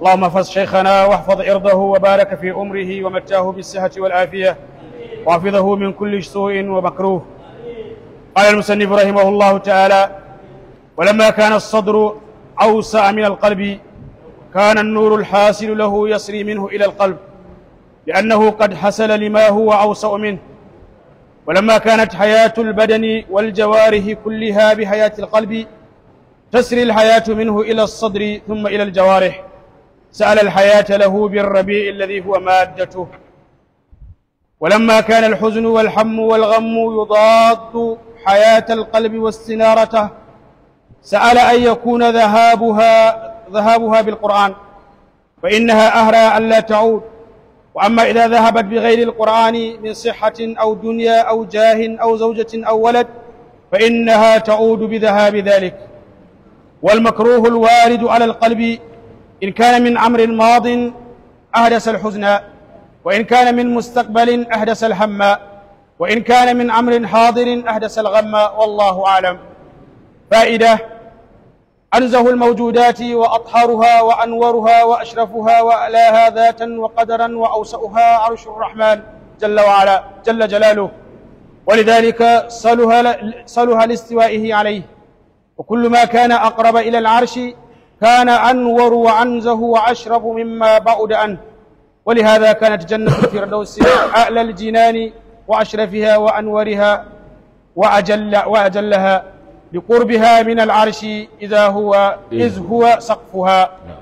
اللهم احفظ شيخنا واحفظ عرضه وبارك في عمره ومتاه بالصحة والعافية وحفظه من كل سوء ومكروه قال المسنف رحمه الله تعالى ولما كان الصدر أوسع من القلب كان النور الحاصل له يسري منه إلى القلب لأنه قد حصل لما هو أوسع منه ولما كانت حياة البدن والجوارح كلها بحياة القلب تسري الحياة منه إلى الصدر ثم إلى الجوارح سأل الحياة له بالربيع الذي هو مادته ولما كان الحزن والحم والغم يضاد حياة القلب واستنارته سأل أن يكون ذهابها ذهابها بالقرآن فإنها أهرى أن لا تعود وأما إذا ذهبت بغير القرآن من صحة أو دنيا أو جاه أو زوجة أو ولد فإنها تعود بذهاب ذلك والمكروه الوارد على القلب إن كان من أمر ماض أهدس الحزن وإن كان من مستقبل أهدس الهم وإن كان من أمر حاضر أهدس الغم والله أعلم فائدة أنزه الموجودات وأطهرها وأنورها وأشرفها وألاها ذاتا وقدرا وأوسأها عرش الرحمن جل وعلا جل جلاله ولذلك صلها, صلها لاستوائه عليه وكل ما كان أقرب إلى العرش كان أنور وعنزه وأشرب مما بعد عنه ولهذا كانت جنة الفردوس أعلى الجنان وأشرفها وأنورها وأجل وأجلها لقربها من العرش إذا هو إيه. إذ هو سقفها نعم.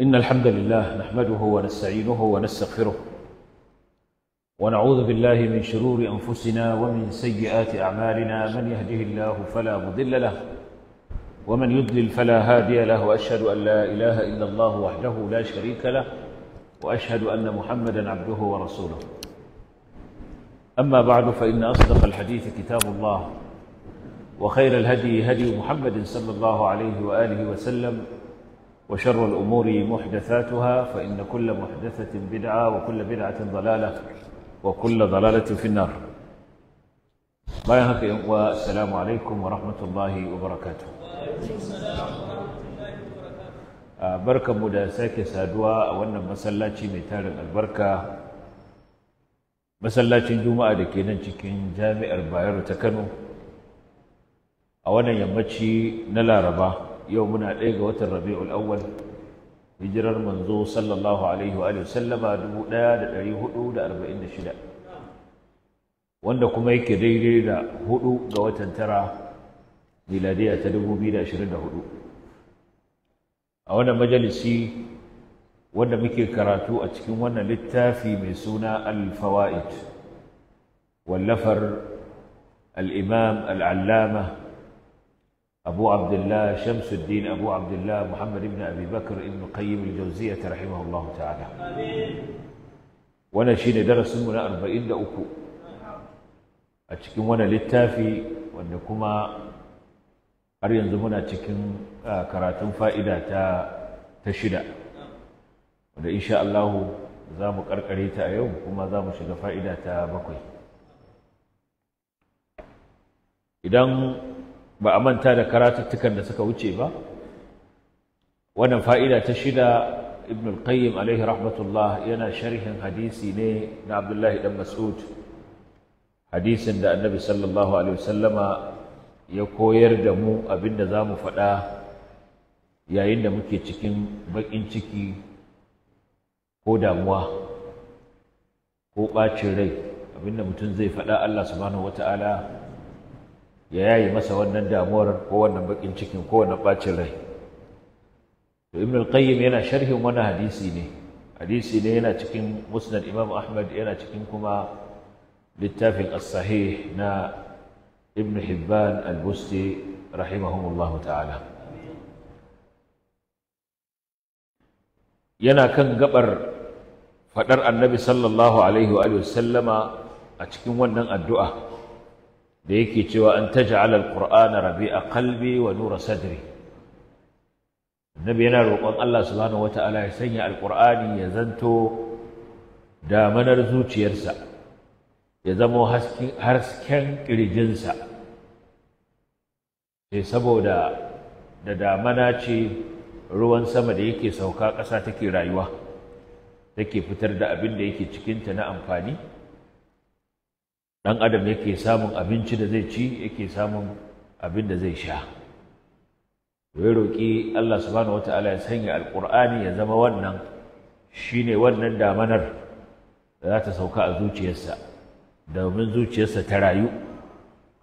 إن الحمد لله نحمده ونستعينه ونستغفره ونعوذ بالله من شرور أنفسنا ومن سيئات أعمالنا من يهده الله فلا مضل له ومن يضلل فلا هادي له واشهد ان لا اله الا الله وحده لا شريك له واشهد ان محمدا عبده ورسوله اما بعد فان اصدق الحديث كتاب الله وخير الهدي هدي محمد صلى الله عليه واله وسلم وشر الامور محدثاتها فان كل محدثه بدعه وكل بدعه ضلاله وكل ضلاله في النار. بايعك والسلام عليكم ورحمه الله وبركاته. barkanmu da sake saduwa a wannan masallaci mai tarin albarka masallacin juma'a da ke nan cikin jami'ar bayero ta kano a wannan yammaci na laraba yau muna ɗaya ga watan rabi'ul awwal hijirar manzo sallallahu alaihi wa sallama dubu ɗaya da ɗari hudu da arba'in da shida wanda kuma yake daidai da hudu ga watan tara miladiya ta 2024 a wannan majalisi wanda muke karatu a cikin wannan littafi mai suna al-fawaid wallafar al-imam al-allama abu abdullah shamsuddin abu abdullah muhammad ibn abi bakr ibn qayyim al-jawziyyah rahimahullah ta'ala wannan shine darasin mu na 43 a cikin wannan littafi wanda kuma har yanzu muna cikin karatun fa'ida ta ta shida wanda insha Allah za mu karkare ta a yau kuma za mu shiga fa'ida ta bakwai idan ba a manta da karatuttukan da suka wuce ba wannan fa'ida ta shida ibn al-qayyim alaihi rahmatullah yana sharhin hadisi ne na abdullahi dan mas'ud hadisin da annabi sallallahu alaihi wasallama ya koyar da mu abin da za mu faɗa yayin da muke cikin baƙin ciki ko damuwa ko ɓacin rai abin da mutum zai faɗa Allah subhanahu wata'ala ya yayi masa wannan damuwar ko wannan baƙin cikin ko wannan ɓacin rai to ibn al-qayyim yana sharhin wani hadisi ne hadisi ne yana cikin musnad imam ahmad yana cikin kuma littafin as-sahih na ibn Hibban al-Busti yana kan gaɓar faɗar annabi sallallahu alaihi wa sallama a cikin wannan addu'a da yake cewa an taj'ala al-qur'ana a qalbi wa nura sadri annabi yana roƙon Allah subhanahu wata'ala ya sanya al ya zanto damanar zuciyarsa ya zamo hasken ƙirjinsa sai eh, saboda da damana ce ruwan sama da yake sauka ƙasa take rayuwa take fitar da abin da yake cikinta na amfani ɗan adam yake samun abinci da zai ci yake samun abin da zai sha ya roƙi Allah subhanahu ta'ala ya sanya alƙur'ani ya zama wannan shine wannan damanar da za ta sauka a zuciyarsa domin zuciyarsa ta rayu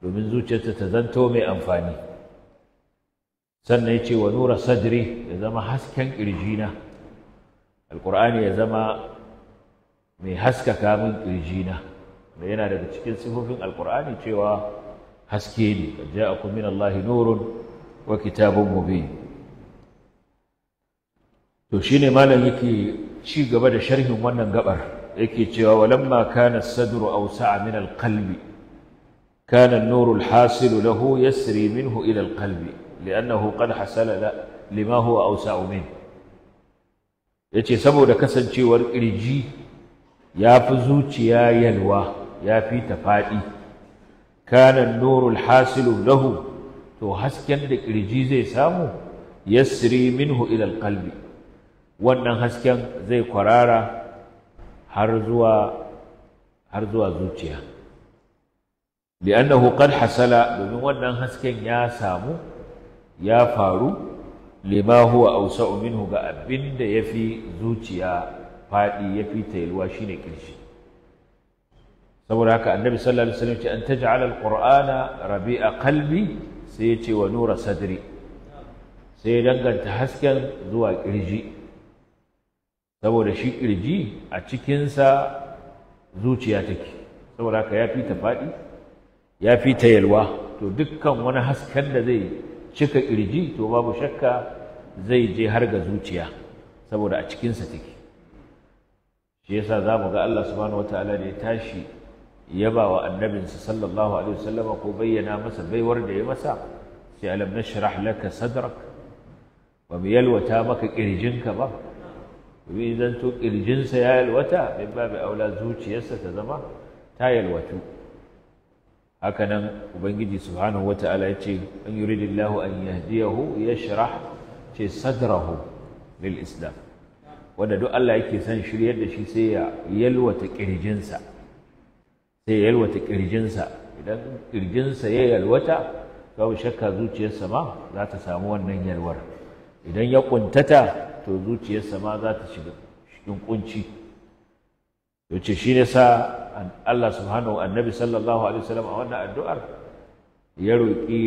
domin zuciyarsa ta zanto mai amfani sannan ya ce wa nura sadri ya zama hasken ƙirjina alƙur'ani ya zama mai haskaka min ƙirjina da yana daga cikin sifofin alƙur'ani cewa haske ne ja'akum min allahi nurun wa kitabun gobe. to shine malam yake ci gaba da sharhin wannan gabar yake cewa walamma kana sadru awsa'a min alqalbi kana an-nuru al lahu yasri minhu ila alqalbi li'annahu qad hasala la lima huwa awsa'u min yace saboda kasancewar kirji ya fi zuciya yalwa ya fi ta faɗi kana an-nuru al lahu to hasken da kirji zai samu yasri minhu ila alqalbi wannan hasken zai kwarara har zuwa har zuwa zuciya li'annahu qad hasala domin wannan hasken ya samu ya faru lima huwa awsa'u minhu ga abinda yafi zuciya fadi yafi tayalwa shine kirshi saboda haka annabi sallallahu alaihi wasallam ce an taj'al alqur'ana rabi'a qalbi sai ya ce wa nura sadri sai ya danganta hasken zuwa kirji saboda shi kirji a cikinsa zuciya take saboda haka ya fi ta faɗi ya fi ta yalwa to dukkan wani hasken da zai cika ƙirji, to babu shakka zai je har ga zuciya saboda a cikinsa take shi yasa za mu ga Allah subhanahu wataala da ya tashi yaba wa annabinsa sallallahu alaihi wasallama ko bayyana masa baiwar da ya masa sai alam nashrah laka sadrak ba mu yalwata maka ƙirjinka ba domin zan to ƙirjinsa ya yalwata min babu aula zuciyarsa ta zama ta yalwatu hakanan ubangiji subhanahu wata'ala ya ce an yuridillahu an yahdiyahu yashrah ce sadrahu lil islam wanda duk Allah yake son shiryar da shi sai ya yalwata ƙirjinsa sai ya yalwata ƙirjinsa idan ƙirjinsa ya yalwata babu shakka zuciyarsa ma za ta samu wannan yalwar idan ya ƙuntata to zuciyarsa ma za ta shiga cikin kunci ce shi ne sa Allah subhanahu annabi sallallahu alaihi wasallam a wannan addu'ar ya roƙi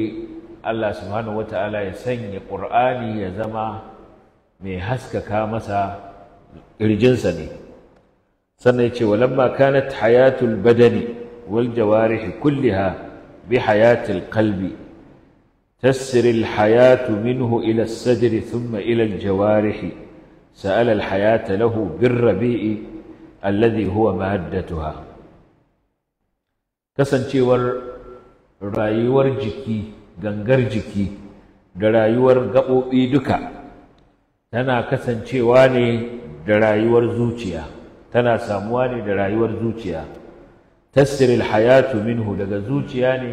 Allah subhanahu wataala ya sanya Qur'ani ya zama mai haskaka masa ƙirjinsa ne sannan ya ce walamma kanat hayatul badani wal jawarihi kulliha bi hayatil qalbi تسري الحياة منه إلى السجر ثم إلى الجوارح سأل الحياة له بالربيع الذي هو مادتها kasancewar rayuwar jiki gangar jiki da rayuwar gaɓoɓi duka tana kasancewa ne da rayuwar zuciya tana samuwa ne da rayuwar zuciya tasiril hayatu minhu daga zuciya ne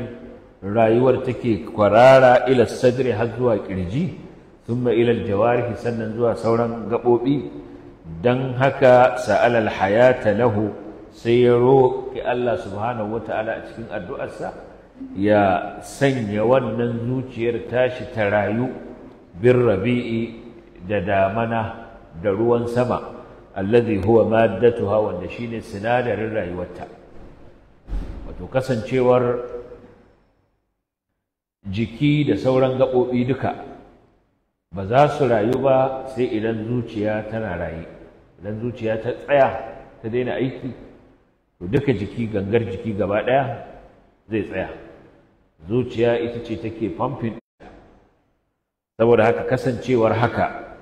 rayuwar take kwarara ila sadri har zuwa kirji thumma ila aljawarihi sannan zuwa sauran gabobi dan haka sa'ala alhayata lahu sai ya roƙi Allah subhanahu wataala a cikin addu'arsa ya sanya wannan zuciyar tashi ta rayu bin rabi'i da damana da ruwan sama alladhi huwa maddatuha wanda shine sinadarin rayuwarta wato kasancewar jiki da sauran gaɓoɓi duka ba za su rayu ba sai idan zuciya tana raye idan zuciya ta tsaya ta daina aiki to duka jiki gangar jiki gaba ɗaya zai tsaya zuciya ita ce take famfin. saboda haka kasancewar haka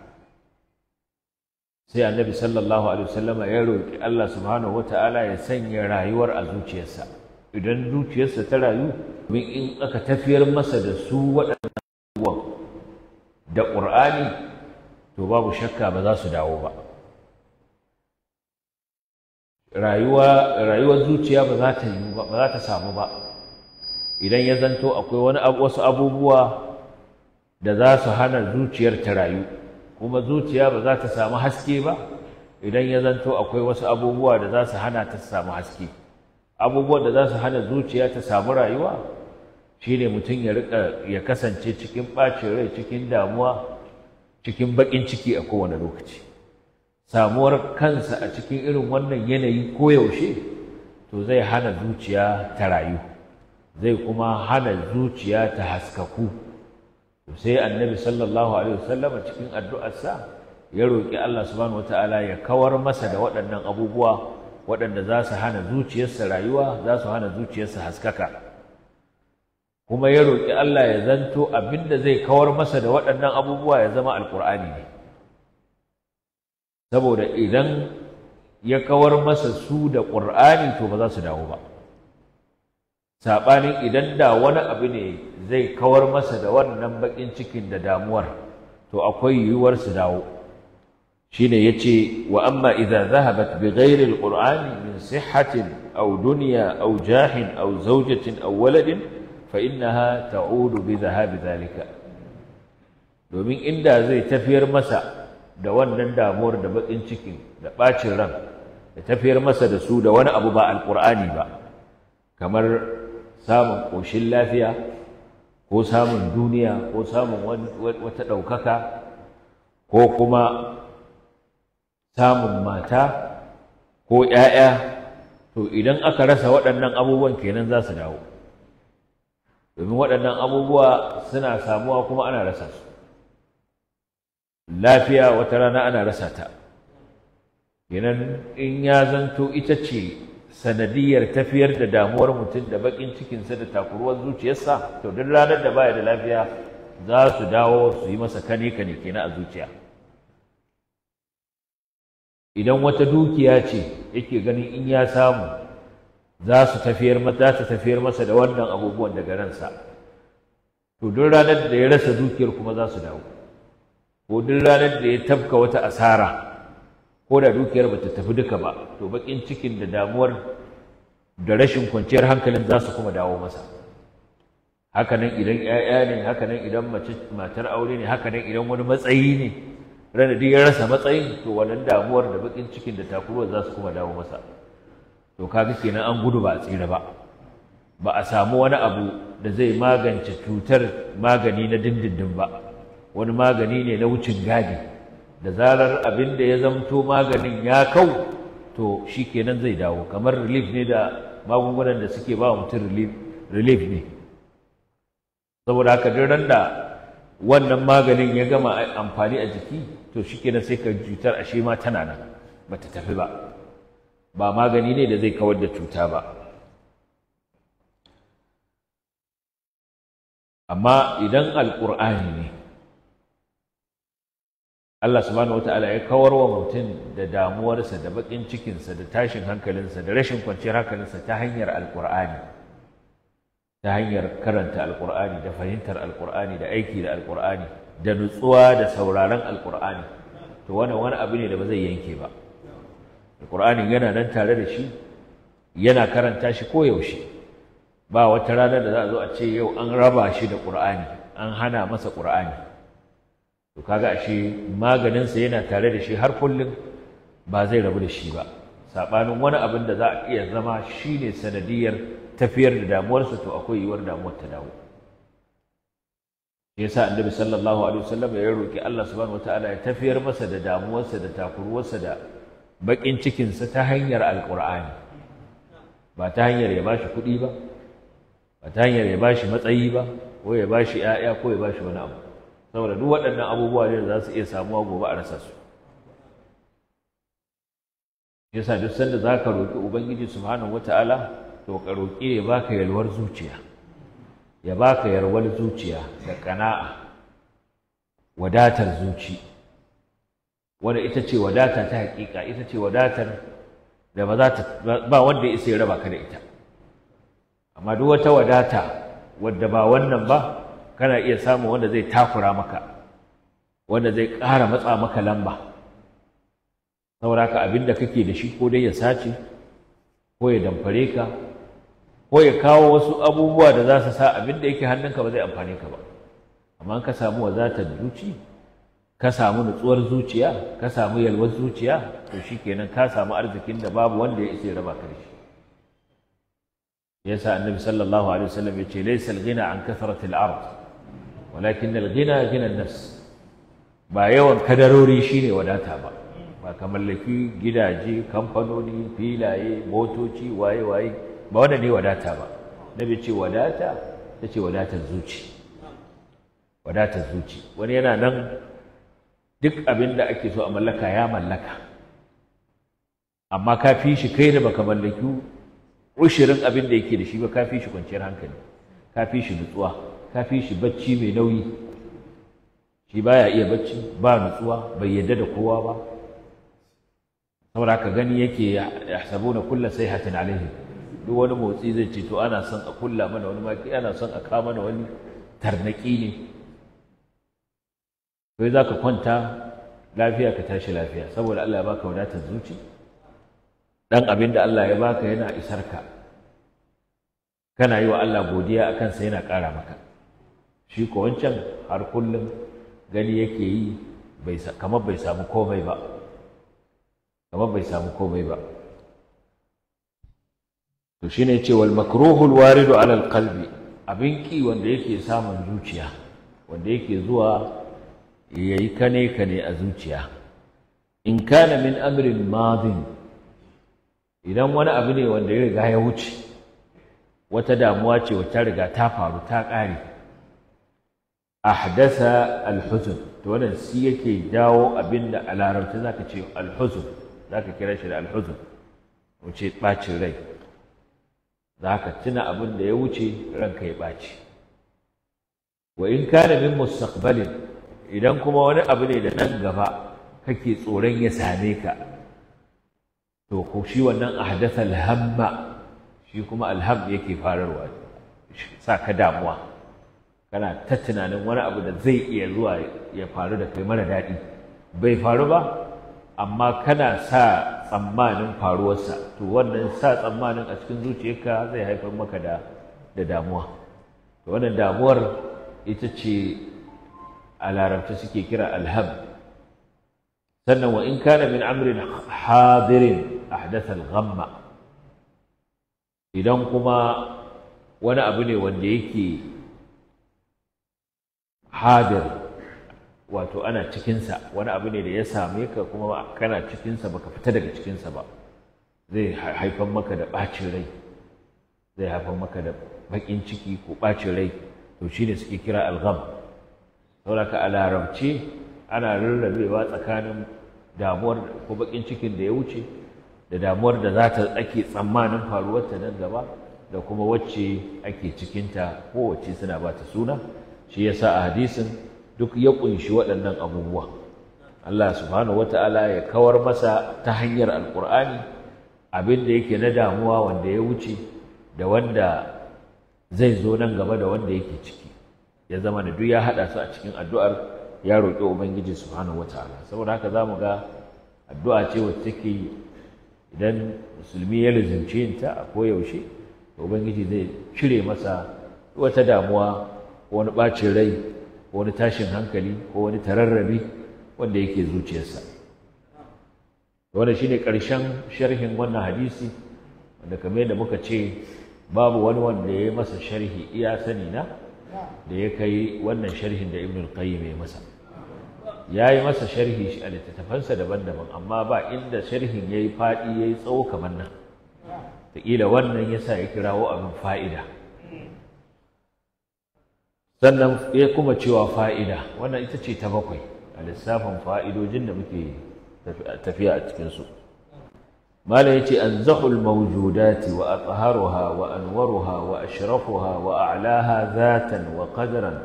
sai annabi sallallahu alaihi wasallama ya roƙi Allah subhanahu wataala ya sanya rayuwar a zuciyarsa idan zuciyarsa ta rayu domin in aka tafiyar masa da su waɗannan abubuwan da ƙur'ani to babu shakka ba za su dawo ba rayuwar zuciya ba za ta yi ba za ta samu ba idan ya zanto akwai wasu abubuwa da za su hana zuciyar ta rayu kuma zuciya ba za ta samu haske ba idan ya zanto akwai wasu abubuwa da za su hana ta samu haske abubuwan da za su hana zuciya ta samu rayuwa shine mutum ya rika ya kasance cikin ɓacin rai cikin damuwa cikin baƙin ciki a kowane lokaci samuwar kansa a cikin irin wannan yanayi koyaushe to zai hana zuciya ta rayu zai kuma hana zuciya ta haskaku sai annabi sallallahu alaihi wasallama cikin addu'arsa ya roƙi Allah subhanahu wataala ya kawar masa da waɗannan abubuwa waɗanda za su hana zuciyarsa rayuwa za su hana zuciyarsa haskaka kuma ya roƙi Allah ya zanto abin da zai kawar masa da waɗannan abubuwa ya zama alƙur'ani ne saboda idan ya kawar masa su da ƙur'ani to ba za su dawo ba saɓanin idan da wani abu ne zai kawar masa da wannan baƙin cikin da damuwar to akwai yiwuwar su dawo shine yace wa amma idza dhahabat bi ghairi alqur'ani min sihhatin aw dunya aw jahin aw zawjatin aw waladin fa innaha ta'udu bi dhahabi dhalika domin inda zai tafiyar masa da wannan damuwar da bakin cikin da bacin ran da tafiyar masa da su da wani abu ba alqur'ani ba kamar samun ƙoshin lafiya ko samun duniya ko samun wata ɗaukaka ko kuma samun mata ko ‘ya'ya to idan aka rasa waɗannan abubuwan kenan za su dawo domin waɗannan abubuwa suna samuwa kuma ana rasa su lafiya wata rana ana rasa ta kenan in ya zanto ita ce sanadiyar tafiyar da damuwar mutum da baƙin cikinsa da takuruwar zuciyarsa to duk ranar da baya da lafiya za su dawo su yi masa kane kane kenan a zuciya idan wata dukiya ce yake ganin in ya samu za su tafiyar tafiyar masa da wannan abubuwan daga ransa to duk ranar da ya rasa dukiyar kuma za su dawo ko duk ranar da ya tafka wata asara ko da dukiyar ba ta tafi duka ba to baƙin cikin da damuwar da rashin kwanciyar hankalin za su kuma dawo masa hakanan idan 'ya'ya ne hakanan idan matar aure ne hakanan idan wani matsayi ne rana ya rasa matsayin to wannan damuwar da bakin cikin da takuruwar za su kuma dawo masa to kaga kenan an gudu ba a tsira ba ba a samu wani abu da zai magance cutar magani na dindindin ba wani magani ne na wucin gadi da zarar abin da ya zamto maganin ya kau to shi kenan zai dawo kamar relief ne da magungunan da suke ba mutum relief ne saboda haka duk da wannan maganin ya gama amfani a jiki to shikenan sai ka cutar ashe ma tana nan bata tafi ba ba magani ne da zai kawar da cuta ba amma idan alƙur'ani ne Allah subhanahu wataala ya kawar wa mutum da damuwarsa da baƙin cikinsa da tashin hankalinsa da rashin kwanciyar hankalinsa ta hanyar alƙur'ani ta hanyar karanta alkur'ani da fahimtar alkur'ani da aiki da alkur'ani da nutsuwa da sauraron alkur'ani to wannan wani abu ne da ba zai yanke ba Alƙur'anin yana nan tare da shi yana karanta shi ko yaushe ba wata ranar da za a zo a ce yau an raba shi da ƙur'ani an hana masa ƙur'ani to kaga ashe maganinsa yana tare da shi har kullum ba zai rabu da shi ba saɓanin wani abin da za a iya zama shine sanadiyar tafiyar da damuwarsa to akwai yiwuwar damuwar ta dawo shi yasa annabi sallallahu alaihi wasallam ya roki Allah subhanahu wataala ya tafiyar masa da damuwarsa da takuruwarsa da bakin cikinsa ta hanyar alqur'ani ba ta hanyar ya bashi kuɗi ba ba ta hanyar ya bashi matsayi ba ko ya bashi ƴaƴa ko ya bashi wani abu saboda duk waɗannan abubuwa ne za su iya samuwa gobe a rasa su yasa duk sanda za ka roƙi ubangiji subhanahu wataala to ka roƙi ya baka yalwar zuciya ya baka yalwar zuciya da kana'a wadatar zuci wadda ita ce wadata ta haƙiƙa ita ce wadatar da ba za ta ba wanda ya sai raba ka da ita amma duk wata wadata wadda ba wannan ba kana iya samun wanda zai takura maka wanda zai ƙara matsa maka lamba saboda haka abin da kake da shi ko dai ya sace ko ya damfare ka ko ya kawo wasu abubuwa da za su sa abin da yake hannunka ba zai amfane ka ba amma ka samu wazatar zuci ka samu nutsuwar zuciya ka samu yalwar zuciya to shi kenan ka samu arzikin da babu wanda ya isa ya raba ka da shi yasa annabi sallallahu alaihi wasallam ya ce laysa al-ghina an kathrati al-ard walakin al-ghina ghina an-nafs ba yawan kadarori shine wadata ba ba ka mallaki gidaje kamfanoni filaye motoci waye waye ba wanda ne wadata ba nabi ce wadata ta ce wadatar zuci wadatar zuci wani yana nan duk abin da ake so a mallaka ya mallaka amma ka fi shi kai da baka mallaki ushirin abin da yake da shi ba ka fi shi kwanciyar hankali ka fi shi nutsuwa ka fi shi bacci mai nauyi shi baya iya bacci ba nutsuwa bai yadda da kowa ba saboda ka gani yake na kulla sai hatin alaihi duk wani motsi zai ce to ana son a kulla mana wani maki ana son a kama mana wani tarnaki ne kai za ka kwanta lafiya ka tashi lafiya saboda Allah ya baka wadatar zuci dan abin da Allah ya baka yana isar ka kana yi wa Allah godiya a kansa yana ƙara maka shi ko wancan har kullum gani yake yi kamar bai samu komai ba kamar bai samu komai ba to shine yace wal makruhul waridu alal qalbi abin ki wanda yake samun zuciya wanda yake zuwa yayi kane kane a zuciya in kana min amrin madin idan wani abu ne wanda ya riga ya wuce wata damuwa ce wata riga ta faru ta ƙare ahdasa alhuzun to wannan shi yake jawo abin da a larabci zaka ce alhuzun zaka kira shi da alhuzun wuce ɓacin rai za ka tuna abin da ya wuce ranka ya ɓaci wa in kana min mustaqbalin idan kuma wani abu ne da nan gaba kake tsoron ya same ka to ko shi wannan ahdatha alhamma shi kuma alham yake fararwa sa ka damuwa kana ta tunanin wani abu da zai iya zuwa ya faru da kai mara daɗi bai faru ba amma kana sa tsammanin faruwarsa to wannan sa tsammanin a cikin zuciyarka zai haifar maka da da damuwa to wannan damuwar ita ce a Larabta suke kira alham sannan wa in kana min amrin hadirin ahdatha idan kuma wani abu ne wanda yake hadirin wato ana cikinsa wani abu ne da ya same ka kuma kana cikinsa baka fita daga cikinsa ba zai haifar maka da ɓacin rai zai haifar maka da baƙin ciki ko ɓacin rai to shi ne suke kira algham sauraka a larabce ana rarrabewa tsakanin damuwar ko baƙin cikin da ya wuce da damuwar da za ta ake tsammanin faruwarta nan gaba da kuma wacce ake cikinta kowace suna ba ta suna shi yasa a hadisin duk ya ƙunshi waɗannan abubuwa Allah subhanahu wata'ala ya kawar masa ta hanyar alkur'ani abin da yake na damuwa wanda ya wuce da wanda zai zo nan gaba da wanda yake ciki ya zama da duk ya haɗa su a cikin addu'ar ya roƙi ubangiji subhanahu wata'ala saboda haka za mu ga addu'a ce wacce take idan musulmi ya lizince yin ta a koyaushe ubangiji zai cire masa wata damuwa ko wani ɓacin rai ko wani tashin hankali ko wani tararrabi wanda yake zuciyarsa wannan shine ƙarshen sharhin wannan hadisi wanda kamar yadda muka ce babu wani wanda ya yi masa sharhi iya sani na da ya kai wannan sharhin da ibn qayyim ya masa ya yi masa sharhi shi a littattafansa daban-daban amma ba inda sharhin ya yi faɗi ya yi tsawo kamar nan taƙila wannan ya sa ya kirawo abin fa'ida sannan ya kuma cewa fa'ida wannan ita ce ta bakwai a lissafin fa'idojin da muke tafiya a cikinsu malam ya ce an zahul mawujudati wa atharuha wa anwaruha wa ashrafuha wa a'laha zatan wa qadaran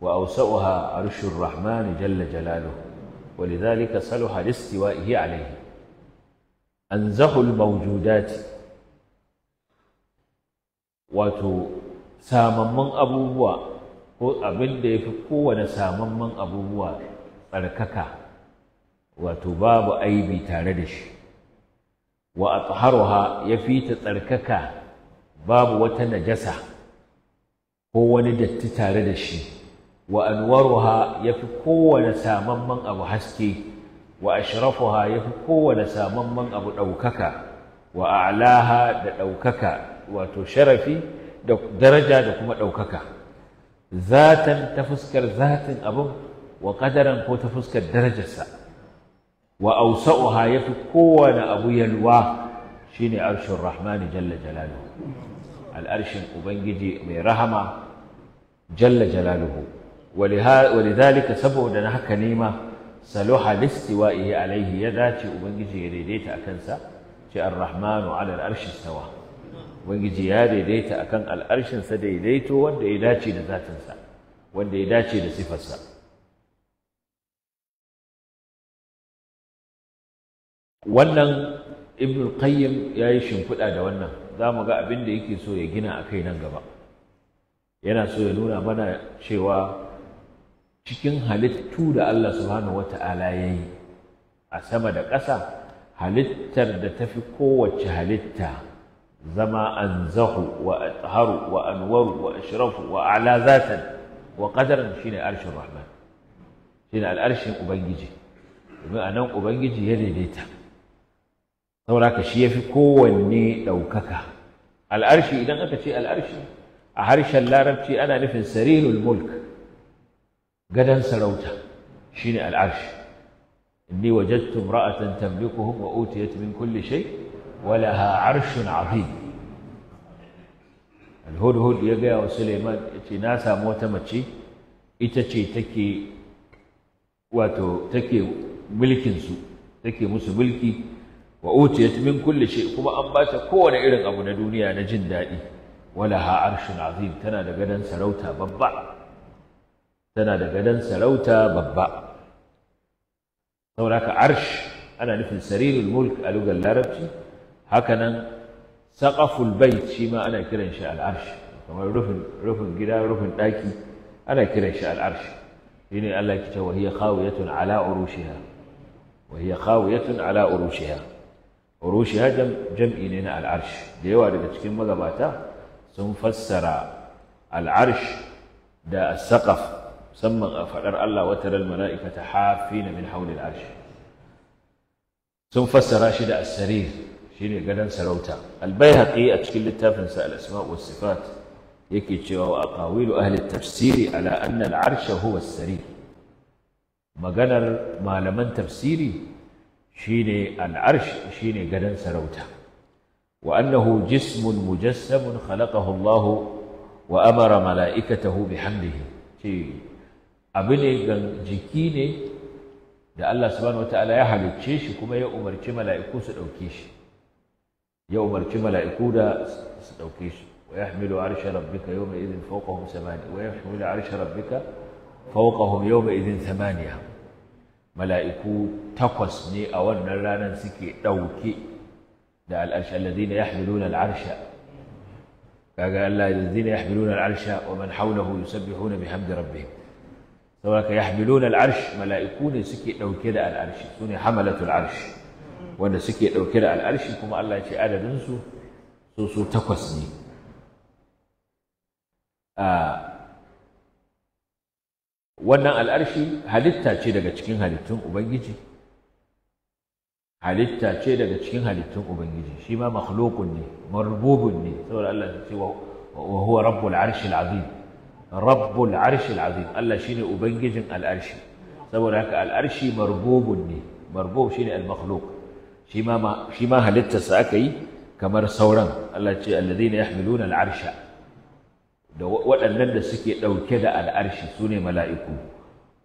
wa a arshur rahman jalla jalaluhu ولذلك صلح لاستوائه عليه أنزه الموجودات wato samamman abubuwa ko abin da ya fi kowane samamman abubuwa tsarkaka wato babu aibi tare da shi wa atharuha ya fi ta tsarkaka babu wata najasa ko wani datti tare da shi wa anwaruha ya fi kowane samamman abu haske wa ashrafuha ya fi kowane samamman abu ɗaukaka wa a'laha da ɗaukaka wato sharafi da daraja da kuma ɗaukaka zatan ta fuskar zatin abin wa ko ta fuskar darajarsa wa awsa'uha yafi kowane abu yalwa shine arshur rahmani jalla jalaluhu al'arshin ubangiji mai rahama jalla jalaluhu walidhalika saboda na haka nema saluha listiwa'ihi alaihi ya dace ubangiji ya daidaita a kansa ce ar-rahmanu ala al ubangiji ya daidaita akan al'arshinsa daidaito wanda ya dace da zatinsa wanda ya dace da sifarsa wannan ibn qayyim ya yi shimfiɗa da wannan za mu ga abin da yake so ya gina a kai nan gaba yana so ya nuna mana cewa cikin halittu da Allah subhanahu wa ta'ala ya yi a sama da ƙasa halittar da ta fi kowace halitta zama anzahu wa atharu wa anwaru wa ashrafu wa a'la zatan wa qadaran shine arshin rahman shine al'arshin ubangiji domin anan ubangiji ya daidaita saboda ka shi yafi kowanne ɗaukaka al'arshi idan aka ce al'arshi a harshen larabci ana nufin sarirul mulk gadon sarauta shine al'arshi inni wajadtu imra'atan tamlikuhum wa utiyat min kulli shay' ولها عرش عظيم alhudhud ya gaya wa suleiman ya ce na samu wata mace ita ce take wato take mulkinsu take musu mulki wa utiyat min kulli shay kuma an ba ta kowane irin abu na duniya na jin daɗi wala ha arshun azim tana da gadon sarauta babba tana da gadon sarauta babba saboda haka arsh ana nufin sarirul mulk a lugar larabci hakanan saqaful bait shi ma ana kiran shi al'arsh kamar rufin rufin gida rufin daki ana kiran shi al'arsh shine Allah ya ce wa hiya khawiyatun ala urushiha wa hiya khawiyatun ala urushiha urushiha jam'i ne na al'arsh da yawa daga cikin magabata sun fassara al'arsh da as-saqaf musamman a faɗar Allah wa taral mala'ikata hafina min hawli al sun fassara shi da as-sarir shine gadon sarauta albayhaqi a cikin littafinsa al-asma wa sifat yake cewa wa aqawilu ahli tafsiri ala anna al-arsha huwa as-sarir maganar malaman tafsiri shine al-arsh shine gadon sarauta wa annahu jismun mujassamun khalaqahu Allah wa amara mala'ikatahu bihamdihi ce abu ne jiki ne da Allah subhanahu wataala ya halicce shi kuma ya umarci mala'iku su ɗauke shi يوم ارتم لائكودا ستوكيش ويحمل عرش ربك يومئذ فوقهم ثمانية ويحمل عرش ربك فوقهم يومئذ ثمانية ملائكو تقسني أولنا لا ننسكي دوكي دع الأرش الذين يحملون العرش قال الذين يحملون العرش ومن حوله يسبحون بحمد ربهم سواء يحملون العرش ملائكون سكي دوكي دع الأرش سوني حملة العرش wanda suke ɗauke da al'arshi kuma Allah ce adadinsu su su takwas ne wannan al'arshi halitta ce daga cikin halittun Ubangiji halitta ce daga cikin halittun Ubangiji shi ma makhluqun ne marbubun ne saboda Allah ya ce wa huwa rabbul arshil azim rabbul arshil azim Allah ne ubangijin al'arshi saboda haka al'arshi marbubun ne marbub shine al-makhluq shi ma shi ma halittarsa aka yi kamar sauran Allah ce alladhina yahmiluna al'arsha da waɗannan da suke ɗauke da al'arshi su ne mala'iku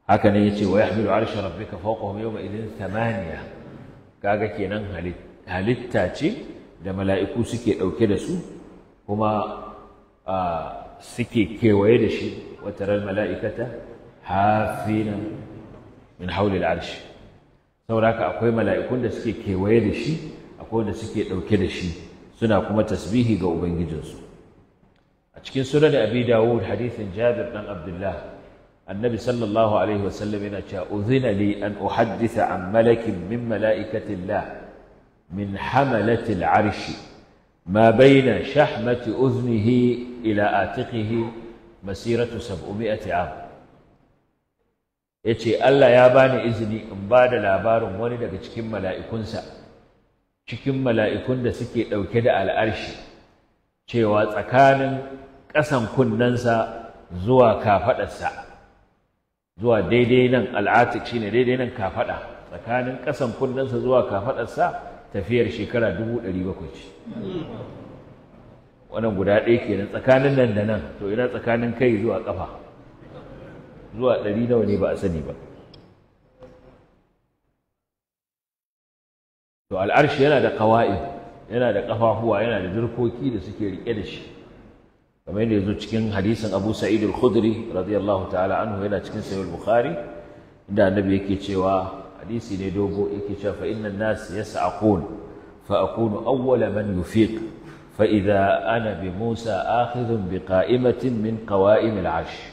haka ne yace wa yahmilu arsha rabbika fawqahum yawma idhin thamaniya kaga kenan halitta ce da mala'iku suke ɗauke da su kuma suke kewaye da shi wataral mala'ikata hafina min haulil al'arshi. saboda haka akwai mala'ikun da suke kewaye da shi akwai wanda suke ɗauke da shi suna kuma tasbihi ga ubangijinsu a cikin sunan abi dawud hadithin jabir dan abdullah annabi sallallahu alaihi wasallam yana cewa uzina li an uhaddisa an malakin min mala'ikatillah min hamalatil arshi ma baina shahmati uznihi ila atiqihi masiratu sab'umi'ati 'am ya ce Allah ya bani izini in ba da labarin wani daga cikin mala'ikunsa cikin mala'ikun da suke ɗauke da al'arshi cewa tsakanin ƙasan kunnensa zuwa kafaɗarsa zuwa daidai nan al'atik ne daidai nan kafaɗa tsakanin ƙasan kunnensa zuwa kafaɗarsa tafiyar shekara dubu ɗari bakwai ce wannan guda ɗaya kenan tsakanin nan da nan to ina tsakanin kai zuwa ƙafa zuwa ɗari nawa ne ba a sani ba to al'arshi yana da kawai yana da ƙafafuwa yana da jirkoki da suke riƙe da shi kamar yadda cikin hadisin Abu Sa'id al-Khudri radiyallahu ta'ala anhu yana cikin Sahih bukhari inda annabi yake cewa hadisi ne dogo yake cewa fa inna an-nas yas'aqun fa akunu awwala man yufiq fa idha ana bi Musa akhidhun bi qa'imatin min qawa'im al-'arsh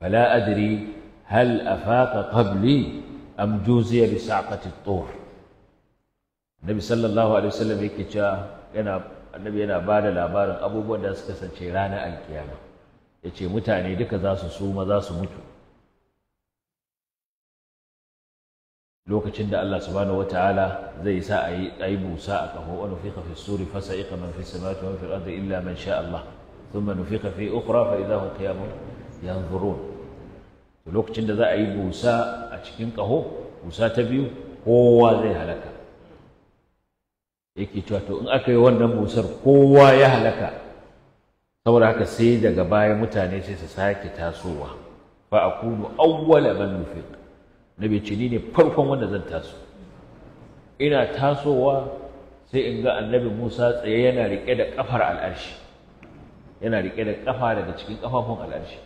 فلا أدري هل أفاق قبلي أم جوزي بساقة الطور النبي صلى الله عليه وسلم يكتشى النبي أنا بعد الأبار أبو بودا سكسا شيرانا الكيانا يكي متعني دك ذاس سوما ذاس متو لوك تشند الله سبحانه وتعالى زي ساء أي موساء كهو ونفيق في السور فسائق من في السماوات ومن في الأرض إلا من شاء الله ثم نفيق في أخرى فإذا هم قيام ينظرون lokacin da za a yi busa a cikin ƙaho busa ta biyu kowa zai halaka yake cewa to in aka yi wannan busar kowa ya halaka saboda haka sai daga baya mutane sai su sake tasowa fa akunu awwala man nufiq nabi ce ni ne farkon wanda zan taso ina tasowa sai in ga annabi Musa tsaye yana rike da kafar al'arshi yana rike da kafa daga cikin kafafun al'arshi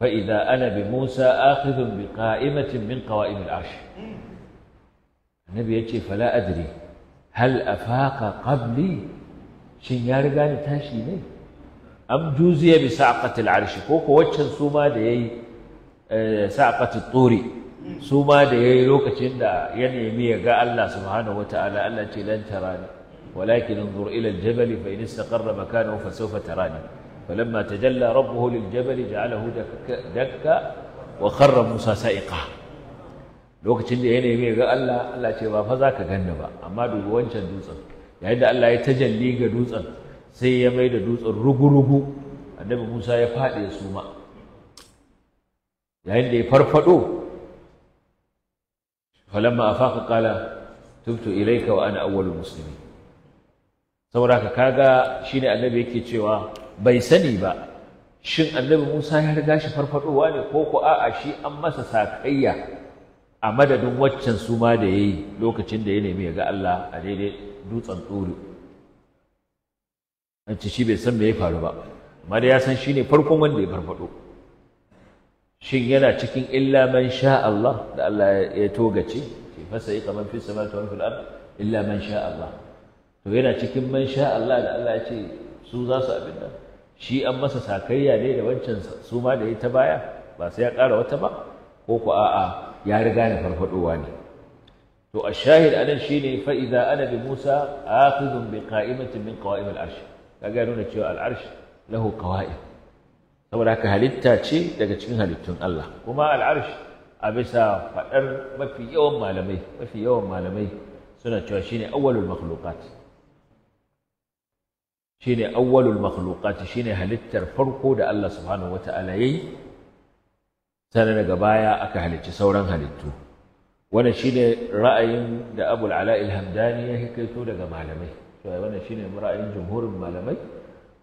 فإذا أنا بموسى آخذ بقائمة من قوائم العرش النبي يجي فلا أدري هل أفاق قبلي شن يا رجال تاشي لي أم جوزي بساقة العرش كوكو وجه سوما دي ساقة الطور سوما دي لوكتين دا ينمي يقى الله سبحانه وتعالى الله لن تراني ولكن انظر إلى الجبل فإن استقر مكانه فسوف تراني فلما تجلى ربه للجبل جعله دكا, دكا وخر موسى سائقا lokacin da ya nemi ga Allah Allah ce ba fa za ka ganna ba amma dubi wancan dutsen yayin da Allah ya tajalli ga dutsen sai ya mai da dutsen rugurugu, rugu annabi Musa ya faɗi ya suma yayin da ya farfado falamma afaqa qala tubtu ilaika wa ana awwalul muslimin saboda ka kaga shine annabi yake cewa bai sani ba shin annabi Musa ya riga shi farfadowa ne ko ko a'a shi an masa sakayya a madadin waccan suma da yayi lokacin da ya nemi ya ga Allah a daidai dutsen tsoro an ci shi bai san me ya faru ba amma da ya san shi ne farkon wanda ya farfado shin yana cikin illa man sha Allah da Allah ya togace ke fasa yi kaman fi samawati wa fil illa man sha Allah to yana cikin man sha Allah da Allah ya ce su za su abin nan shi an masa sakayya ne da wancan su ma da ya ta baya ba sai ya ƙara wata ba ko ku a'a ya riga ni farfaɗowa ne to a shahid anan shine ne fa'iza, ana bi musa akhidun bi qa'imatin min qawa'im al-arsh kaga nuna cewa al'arsh arsh lahu saboda haka halitta ce daga cikin halittun Allah kuma al'arsh a bisa faɗar mafi yawan malamai mafi yawan malamai suna cewa shine awwalul makhluqat shine awwalul makhluqati shine halittar farko da Allah subhanahu wata'ala yayi sanan daga baya aka halicci sauran halittu wannan shine ra'ayin da Abu al-Ala al-Hamdani ya hikaito daga malamai to wannan shine ra'ayin jumhurin malamai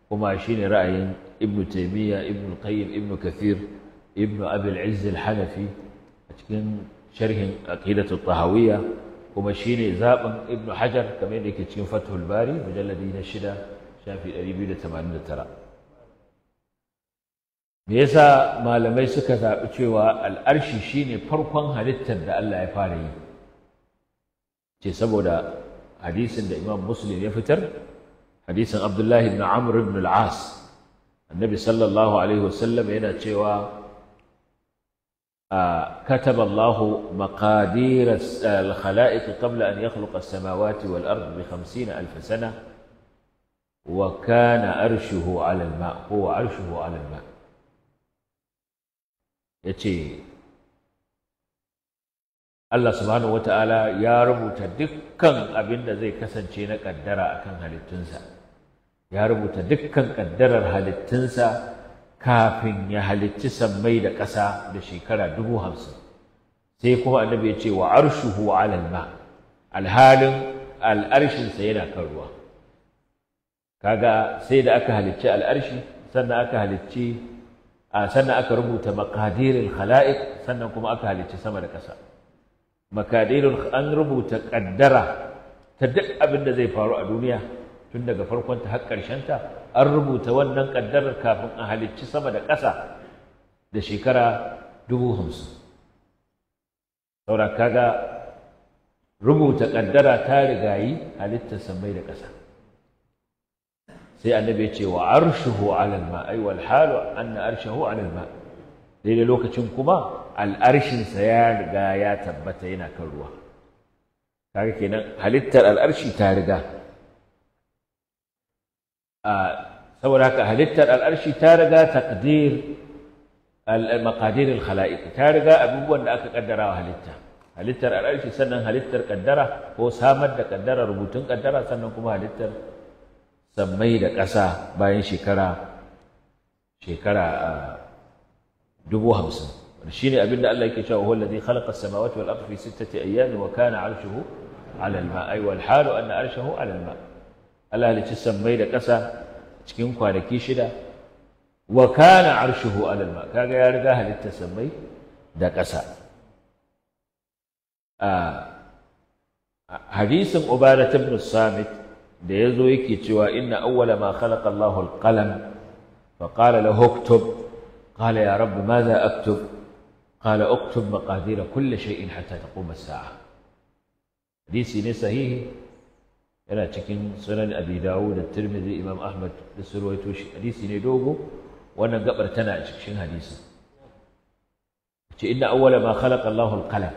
kuma shine ra'ayin Ibn Taymiyyah Ibn Qayyim Ibn Kathir Ibn Abi al-Izz al-Hanafi a cikin sharhin aqidatul tahawiyya kuma shine zaban Ibn Hajar kamar da yake cikin Fathul Bari mujalladi na shida shafi 289 me yasa malamai suka zaɓi cewa al'arshi shine farkon halittar da Allah ya fara yi ce saboda hadisin da Imam Muslim ya fitar hadisin Abdullahi ibn Amr ibn al-As annabi sallallahu alaihi wasallam yana cewa كتب الله مقادير الخلائق قبل أن يخلق السماوات والأرض بخمسين ألف سنة wa kana arshuhu alal ma ko arshuhu alal ma yace Allah subhanahu wata'ala ya rubuta dukkan abin da zai kasance na kaddara akan halittunsa ya rubuta dukkan kaddarar halittunsa kafin ya halicci sammai da ƙasa da shekara dubu hamsin sai kuma annabi ya ce wa arshuhu alal ma alhalin al'arshinsa yana kan ruwa kaga sai da aka halicci al'arshi sannan aka halicci sannan aka rubuta maqadirul khala'iq sannan kuma aka halicci sama da ƙasa maqadirul an rubuta ƙaddara ta duk abin da zai faru a duniya tun daga farkon ta har ƙarshen ta an rubuta wannan ƙaddarar kafin a halicci sama da ƙasa da shekara dubu hamsin saura kaga rubuta ƙaddara ta rigayi halittar samai da ƙasa sai annabi ya ce wa arshuhu ala alma ay wal halu anna arshuhu ala alma dai lokacin kuma al'arshin sa ya riga ya tabbata yana kan ruwa kaga kenan halittar al'arshi ta riga a saboda haka halittar al'arshi ta riga taqdir al-maqadir al-khalaiq ta riga abubuwan da aka kaddara wa halitta halittar al'arshi sannan halittar kaddara ko samar da kaddara rubutun kaddara sannan kuma halittar sammai da ƙasa bayan shekara shekara dubu hamsin shi ne abinda Allah yake cewa huwa alladhi khalaqa as-samawati wal arda fi sittati ayyamin wa kana 'arshuhu 'ala al-ma' ay wal halu anna 'arshahu 'ala al-ma' Allah halicci sammai da ƙasa cikin kwanaki shida wa kana 'arshuhu 'ala al-ma' kaga ya riga halitta sammai da ƙasa hadisin Ubadah ibn Samit da ya zo yake cewa inna awwala ma khalaqa Allahu al-qalam fa qala lahu uktub qala ya rabbi madha aktub qala uktub maqadir kulli shay'in hatta taqum as-sa'a hadisi ne sahihi yana cikin sunan Abi Dawud da Tirmidhi Imam Ahmad da surwaito shi hadisi ne dogo wannan gabar tana cikin hadisi. ce inna awwala ma khalaqa Allahu al-qalam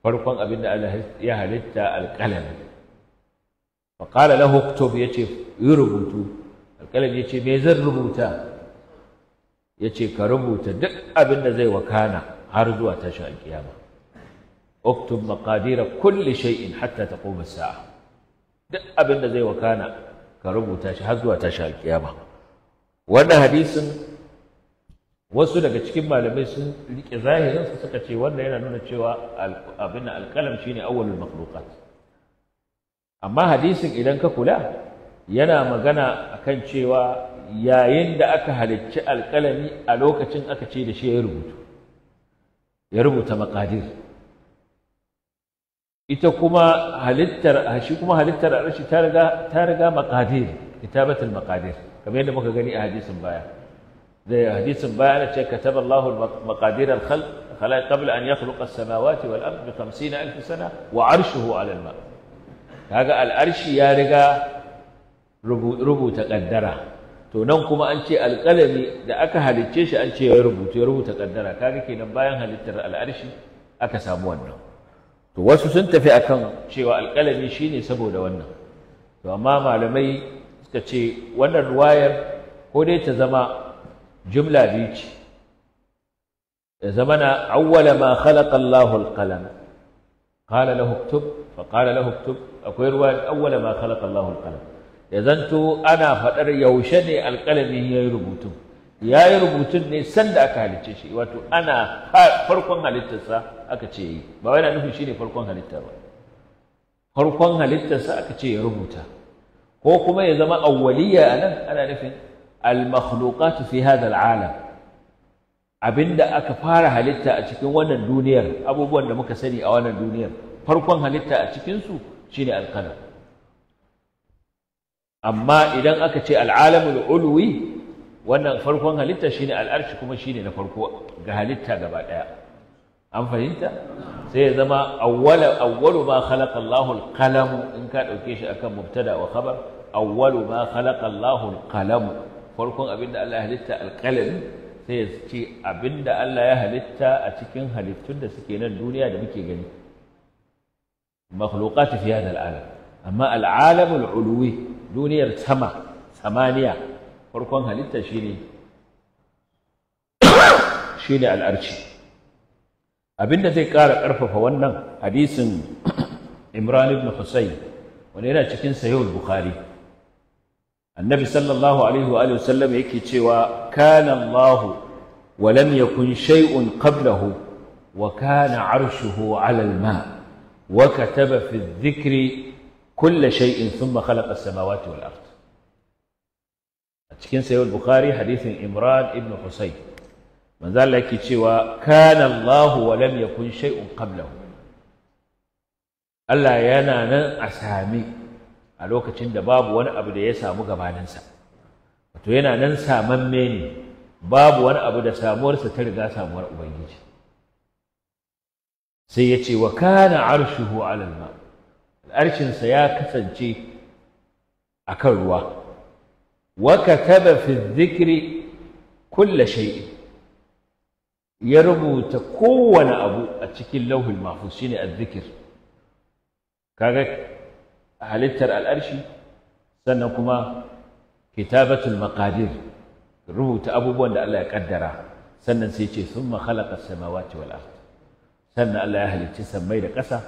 farkon abin da Allah ya halitta al-qalam fa qala lahu ya ce yi rubutu ya ce me zan rubuta Ya ce ka rubuta duk abin da zai wakana har zuwa tashin alkiyama uktub maqadira kulli shay'in hatta taqum as-sa'a duk abin da zai wakana ka rubuta shi har zuwa tashin alkiyama wannan hadisin wasu daga cikin malamai sun rike su suka ce wannan yana nuna cewa abin alkalam shine awwalul makhluqat amma hadisin idan ka kula yana magana akan cewa yayin da aka halicci alƙalami a lokacin aka ce da shi ya rubuta ya rubuta maƙadir ita kuma halittar shi kuma halittar arshi ta riga ta riga maqadir kitabatul maqadir kamar yadda muka gani a hadisin baya da hadisin baya ana cewa, kataba Allahu maqadir al-khalq qabla an yakhluqa as-samawati wal-ard bi 50000 sana wa arshuhu 'ala al-ma' kaga al'arshi ya riga rubuta kaddara to nan kuma an ce alƙalami da aka halicce shi an ce ya rubuta ya rubuta kaddara kaga kenan bayan halittar al'arshi aka samu wannan to wasu sun tafi akan cewa alƙalami shine saboda wannan to amma malamai suka ce wannan ruwayar ko dai ta zama jumla biyu ce ya zama na awwala ma khalaqa Allahu al-qalam qala lahu uktub fa qala lahu akwai ruwa awwala ma khalaqa Allahu al-qalam ya zanto ana fadar yaushe ne alqalami yayi rubutu yayi rubutun ne sanda aka halicce shi wato ana farkon halittarsa aka ce yi ba wai na nufin shine farkon halitta ba farkon halittarsa aka ce ya rubuta ko kuma ya zama awwaliya anan ana nufin al-makhluqat fi hadha al abinda aka fara halitta a cikin wannan duniyar abubuwan da muka sani a wannan duniyar farkon halitta a cikinsu shine alqadar amma idan aka ce al'alamul ulwi wannan farkon halitta shine al'arshi kuma shine na farko ga halitta gaba daya an fahimta sai ya zama awwala awwalu ma khalaqa Allahu al-qalam in ka dauke shi akan mubtada wa khabar awwalu ma khalaqa Allahu al-qalam farkon abinda Allah ya halitta al-qalam sai ya ce abinda Allah ya halitta a cikin halittun da suke nan duniya da muke gani makhluqat fi hadha al'alam amma al'alam al'uluwi duniyar sama samaniya farkon halitta shine shine al'arshi abinda zai ƙara ƙarfafa wannan hadisin Imran ibn Husayn wanda yana cikin sahih al-Bukhari annabi sallallahu alaihi wa alihi yake cewa kana Allah wa lam yakun shay'un qablahu wa kana arshuhu 'ala al-ma' wa taba fi kulle kulla shay'in thumma khalaqa as-samawati wal ard a cikin sahih bukhari hadisin imran ibn husayn manzo cewa kana Allah wa lam yakun shay'un qablahu Allah yana nan a sami a lokacin da babu wani abu da ya samu gabaninsa wato yana nan samamme ne babu wani abu da samuwarsa ta riga samuwar ubangiji sai ya ce wa kana arshuhu al'alma? arshinsa ya kasance akan ruwa wa kataba fi dhikri kulla shay'i ya rubuta kowane abu a cikin lauhul mahfuz shine azzikir kaga halittar al'arshi sannan kuma kitabatul maqadir rubuta abubuwan da Allah ya kaddara sannan sai ce summa khalaqa as-samawati wal ardh sannan Allah ya halicci sammai da ƙasa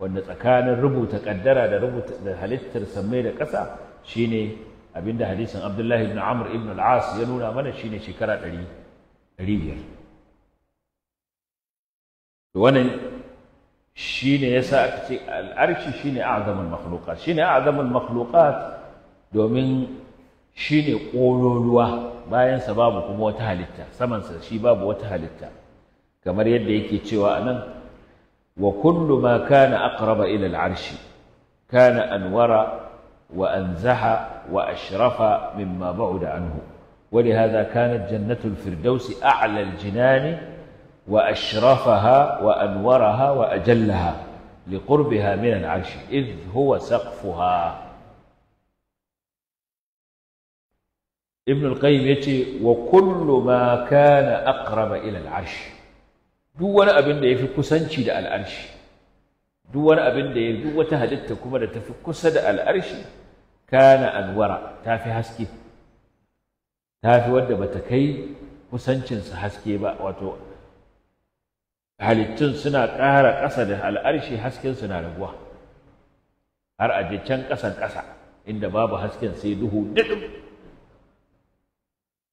wanda tsakanin rubuta kaddara da rubuta da halittar sammai da ƙasa shine abinda hadisin Abdullahi ibn Amr ibn al-As ya nuna mana shine shekara biyar. wannan shine yasa aka ce al-arshi shine a'zamul makhluqat shine a'zamul makhluqat domin shine ƙororuwa Bayansa babu kuma wata halitta saman sa shi babu wata halitta kamar yadda yake cewa anan وكل ما كان أقرب إلى العرش كان أنور وأنزح وأشرف مما بعد عنه ولهذا كانت جنة الفردوس أعلى الجنان وأشرفها وأنورها وأجلها لقربها من العرش إذ هو سقفها ابن القيم يتي وكل ما كان أقرب إلى العرش duk wani abin da ya fi kusanci da al'arshi duk wani abin da ya duk wata halitta kuma da ta fi kusa da al'arshi kana anwara ta fi haske ta fi wadda bata kai kusancinsa haske ba wato halittun suna ƙara ƙasa da al'arshi haskensu na raguwa har a can ƙasan ƙasa inda babu hasken sai duhu duɗin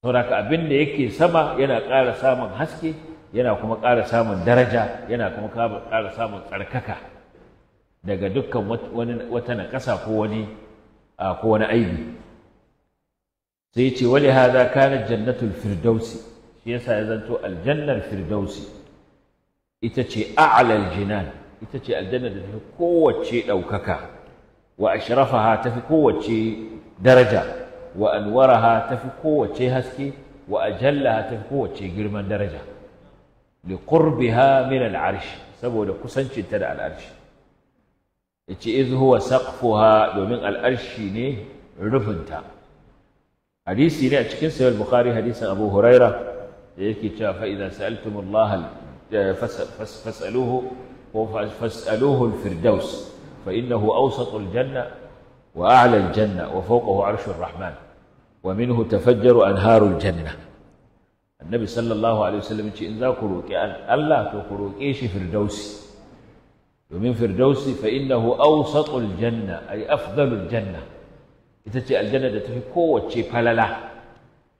saboda abin da yake sama yana ƙara samun haske yana kuma ƙara samun daraja yana kuma ƙara samun tsarkaka daga dukkan wata naƙasa ko wani ko wani aibi sai ce wani hadha kana jannatul firdausi shi yasa ya zanto aljannar firdausi ita ce a'lal jinan ita ce aljannar da tafi kowace ɗaukaka wa ashrafaha tafi kowace daraja wa anwaraha tafi kowace haske wa ajallaha tafi kowace girman daraja لقربها من العرش سبو لكسن شتر العرش إذ هو سقفها دومين العرش ني رفنتا حديثي ني أتكين البخاري حديث أبو هريرة فإذا سألتم الله فاسألوه فاسألوه الفردوس فإنه أوسط الجنة وأعلى الجنة وفوقه عرش الرحمن ومنه تفجر أنهار الجنة annabi sallallahu alaihi wasallam ce in za ku roƙi Allah to ku roƙe shi firdausi domin firdausi fa innahu awsatul janna ay afdalul janna ita ce aljanna da tafi kowace falala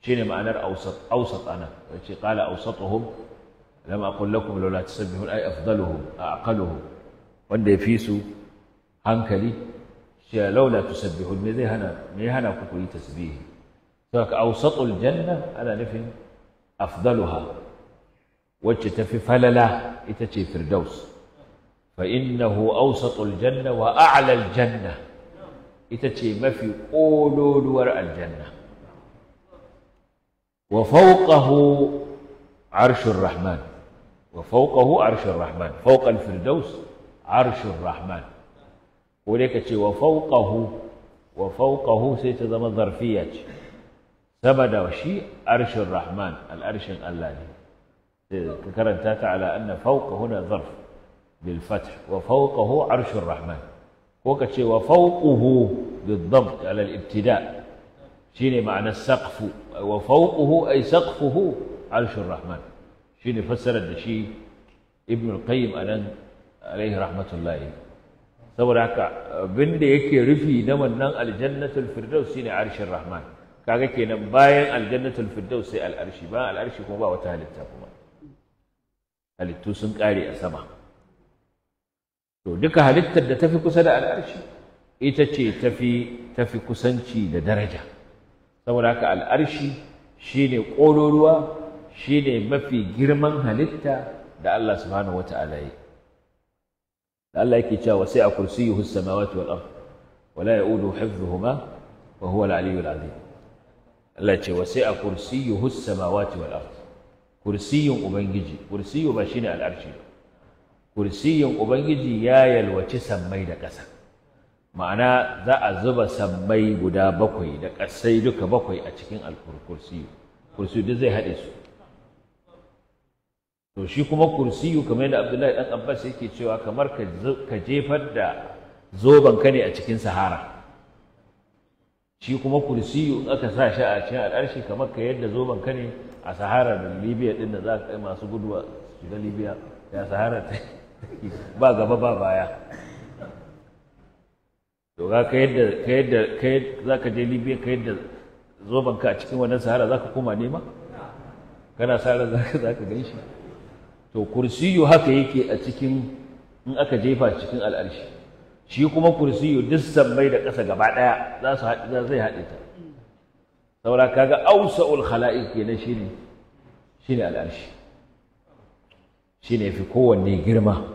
shine ma'anar awsat awsat ana wace qala awsatuhum lam aqul lakum lawla tusabbihun ay afdaluhum aqaluhum wanda ya fi su hankali shi cewa laula tusabbihun me zai hana me hana ku yi tasbihi saboda awsatul janna ana nufin afdaluha wacce tafi falala ita ce firdaus fa innahu awsatul janna wa a'la aljanna ita ce mafi ƙololuwar aljanna wa fawqahu arshur rahman wa fawqahu arshur rahman fawqa alfirdaus arshur rahman ko ce wa fawqahu wa fawqahu sai ta zama zarfiya ce saboda shi arshin rahman al'arshin Allah ne eh, ka karanta ta ala anna fawqa huna zarf bil fath wa fawqahu arshur rahman ko ka ce wa fawquhu bil dhabt ala al ibtida shine ma'anar saqfu wa fawquhu ay saqfuhu arshur rahman shine fassarar da shi ibn al qayyim anan alaihi rahmatullahi saboda haka abinda yake rufi na wannan aljannatul firdaus shine arshin rahman kaga kenan bayan aljannatul firdaus sai al'arshi ba al'arshi kuma ba wata halitta kuma halittu sun kare a sama to duka halittar da tafi kusa da al'arshi ita ce tafi tafi kusanci da daraja saboda haka al'arshi shine ƙololuwa shine mafi girman halitta da Allah subhanahu wata'ala yi da Allah yake cewa sai a kursiyuhu samawati wal ard wala ya'udu hifdhuhuma wa huwa al-aliyyul azim Allah ce wa sai a kursiyu hussamawati wal ard Kursiyun ubangiji kursiyu ba shine al'arshi ba kursiyin ubangiji ya yalwaci sammai da ƙasa ma'ana za a zuba sammai guda bakwai da ƙasai duka bakwai a cikin alkursiyu kursiyu duk zai haɗe su to shi kuma kursiyu kamar yadda Abdullahi dan Abbas yake cewa kamar ka jefar da zoban ka ne a cikin sahara shi kuma kursiyu aka sa shi a cikin al'arshi kamar ka yadda zoben ka ne a sahara da libya din da za ka kai masu guduwa shiga libya ya sahara ta ba gaba ba baya to ga ka yadda ka yadda ka za ka je libya ka yadda zoben ka a cikin wannan sahara za ka koma nema kana sahara za ka za ka gan shi to kursiyu haka yake a cikin in aka jefa cikin al'arshi shi kuma kursiyu duk sammai da ƙasa gaba ɗaya za su haɗe zai haɗe ta saura kaga ausa'ul khala'iq kenan shine shine al'arshi shine fi kowanne girma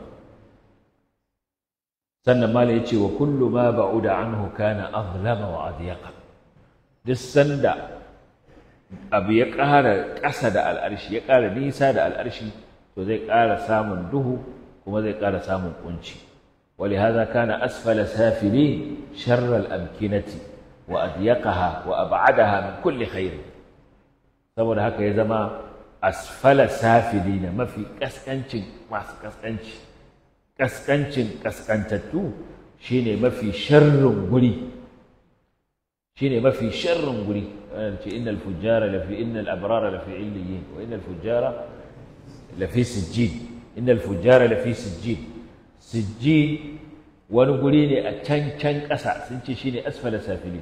sannan mala ya ce wa kullu ma ba'uda anhu kana azlama wa adyaqa duk sanda abu ya ƙara ƙasa da al'arshi ya ƙara nisa da al'arshi to zai ƙara samun duhu kuma zai ƙara samun ƙunci ولهذا كان أسفل سافلين شر الأمكنة وأضيقها وأبعدها من كل خير saboda haka ya zama asfala safili na mafi kaskancin masu kaskanci kaskancin kaskantattu shine mafi sharrin guri shine mafi sharrin guri ce innal fujjara lafi innal abrara lafi illiyin wa innal fujjara lafi sijjin innal fujjara lafi sijjin sijjin wani guri ne a can can ƙasa sun ce shine asfala safili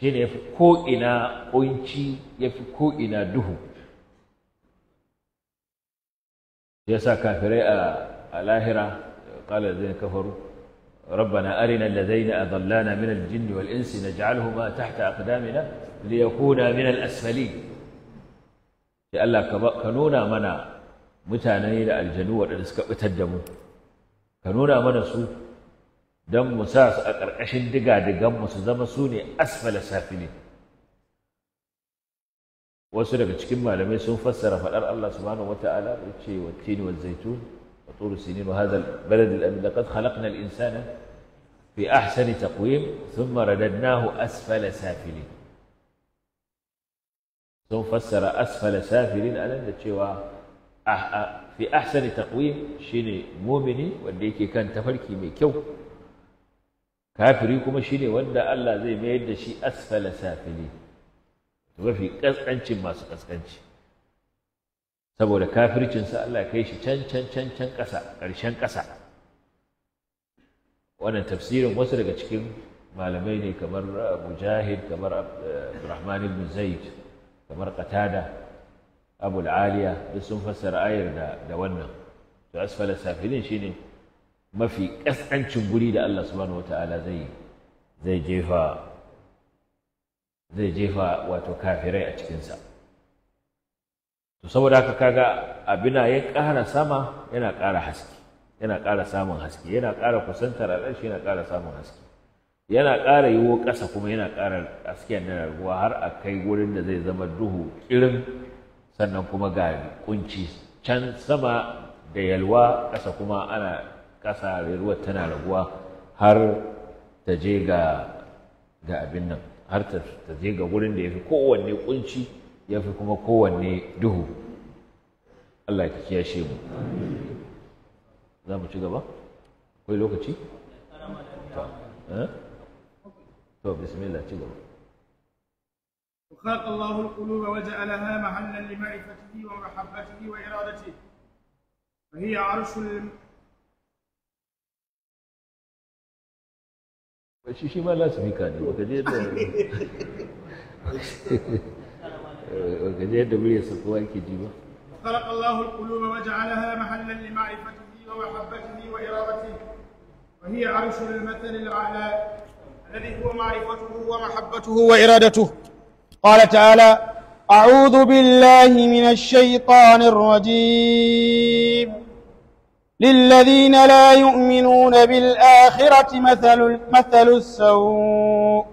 shine yafi ko ina ƙunci yafi ko ina duhu yasa kafirai a lahira qala zai kafaru ربنا أرنا الذين أضلانا من الجن والإنس نجعلهما تحت أقدامنا ليكونا من الأسفلين الله كنونا منا متانين الجنوة da mu. ka nuna mana su don mu sa su a ƙarƙashin diga-diganmu su zama su ne asfala safili wasu daga cikin malamai sun fassara faɗar Allah subhanahu wa ta'ala da ce wa tini wa zaitun wa turu sinin wa hadha balad al-amin laqad khalaqna al-insana fi ahsani taqwim thumma radadnahu asfala safilin sun fassara asfala safilin anan da cewa ah, ah, fi ahsani taqwim shine mumini wanda yake kan tafarki mai kyau kafiri kuma shine wanda Allah zai mayar da shi asfala safili mafi kaskancin masu kaskanci saboda kafircinsa Allah kai shi can can can can ƙasa ƙarshen ƙasa wannan tafsirin wasu daga cikin malamai ne kamar mujahid kamar eh, abdurrahman ibn zaid kamar qatada abul aliya sun fassara ayar da da wannan to asfala safilin shine mafi kaskancin guri da Allah subhanahu wataala zai zai jefa zai jefa wato kafirai a cikinsa to saboda haka kaga abina ya ƙara sama yana ƙara haske yana samun haske yana ƙara kusantar al'arshi yana ƙara samun haske yana ƙara yiwo ƙasa kuma yana ƙara hasken da ruwa har a kai wurin da zai zama duhu ƙirin sannan kuma ga kunci can sama da yalwa ƙasa kuma ana ƙasa ruwa tana raguwa har ta je ga ga abin nan har ta je ga gurin da ya fi kowanne kunci ya fi kuma kowanne duhu Allah ya kiyashe mu za mu ci gaba akwai lokaci to eh? bismillah ci gaba وخلق الله القلوب وجعلها محلا لمعرفته ومحبته وإرادته فهي عرش الم... شي شي ما لازم يكاد baka yadda muryarsa kowa yake خلق الله القلوب وجعلها محلا لمعرفته ومحبته وإرادته وهي عرش المثل الأعلى الذي هو معرفته ومحبته وإرادته قال تعالى أعوذ بالله من الشيطان الرجيم للذين لا يؤمنون بالآخرة مثل, مثل السوء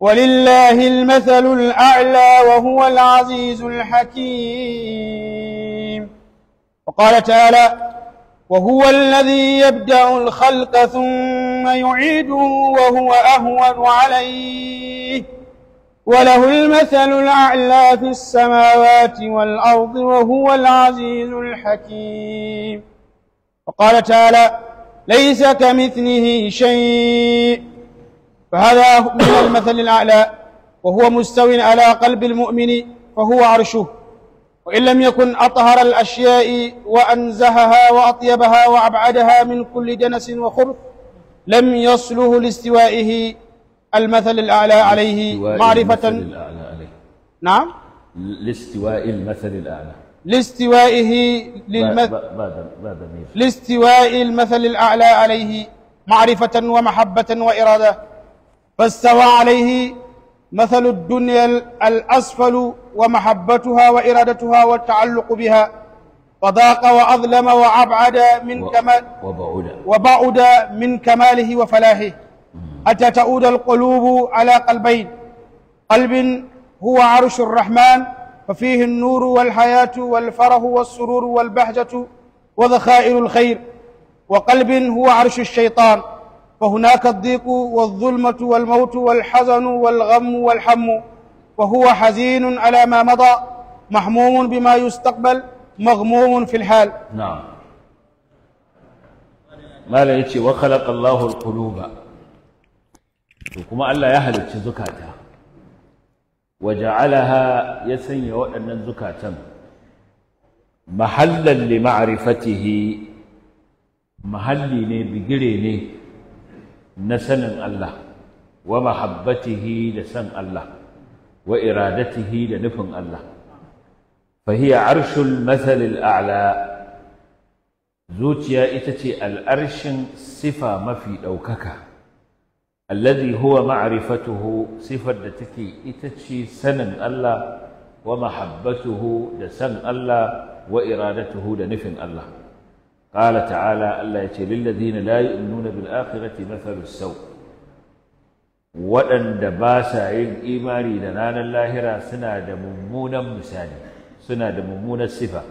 ولله المثل الأعلى وهو العزيز الحكيم وقال تعالى وهو الذي يبدأ الخلق ثم يعيده وهو أهون عليه وله المثل الأعلى في السماوات والأرض وهو العزيز الحكيم وقال تعالى ليس كمثله شيء فهذا من المثل الأعلى وهو مستو على قلب المؤمن فهو عرشه وإن لم يكن أطهر الأشياء وأنزهها وأطيبها وأبعدها من كل دنس وخبث لم يصله لاستوائه المثل الأعلى عليه معرفة الأعلى عليه. نعم لاستواء المثل الأعلى لاستوائه للمثل لاستواء المثل الأعلى عليه معرفة ومحبة وإرادة فاستوى عليه مثل الدنيا الأسفل ومحبتها وإرادتها والتعلق بها فضاق وأظلم وأبعد من كمال وبعد من كماله وفلاهه حتى تعود القلوب على قلبين قلب هو عرش الرحمن ففيه النور والحياة والفرح والسرور والبهجة وذخائر الخير وقلب هو عرش الشيطان فهناك الضيق والظلمة والموت والحزن والغم والحم وهو حزين على ما مضى محموم بما يستقبل مغموم في الحال نعم ما لا يتي وخلق الله القلوب to kuma Allah ya halicci zukata waja'alaha ya sanya waɗannan zukatan mahallan li ma'rifatihi mahalli ne bigire ne na sanin Allah wa mahabbatihi da san Allah wa iradatihi da nufin Allah fahiya arshul masalil a'la zuciya ita ce al'arshin sifa mafi ɗaukaka الذي هو معرفته صفة دتكي إتشي سنن الله ومحبته دسن الله وإرادته دنفن الله قال تعالى الله يتي للذين لا يؤمنون بالآخرة مثل السوء وأن دباسا إن إيماني دنان الله را سنا دمومونا مساني سنا دمومونا الصفة